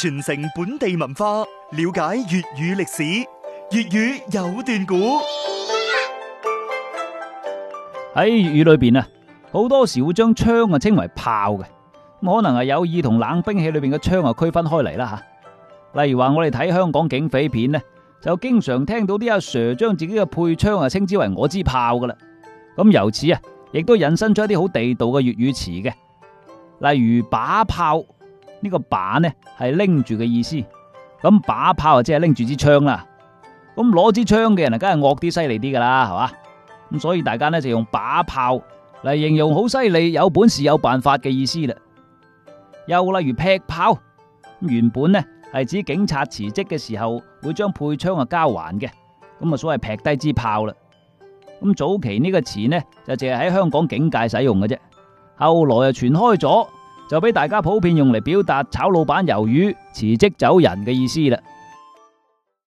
傳承本地文化，了解粵語歷史。粵語有段古。喺粵語裏邊啊，好多時會將槍啊稱為炮嘅，可能係有意同冷兵器裏邊嘅槍啊區分開嚟啦吓。例如話我哋睇香港警匪片咧，就經常聽到啲阿 Sir 將自己嘅配槍啊稱之為我支炮噶啦。咁由此啊，亦都引申出一啲好地道嘅粵語詞嘅，例如把炮。個呢個把呢係拎住嘅意思，咁把炮即係拎住支槍啦，咁攞支槍嘅人啊，梗係惡啲犀利啲噶啦，係嘛？咁所以大家呢就用把炮嚟形容好犀利、有本事、有辦法嘅意思啦。又例如劈炮，原本呢係指警察辭職嘅時候會將配槍啊交還嘅，咁啊所謂劈低支炮啦。咁早期呢個詞呢就淨係喺香港警界使用嘅啫，後來啊傳開咗。就俾大家普遍用嚟表達炒老闆魷魚、辭職走人嘅意思啦。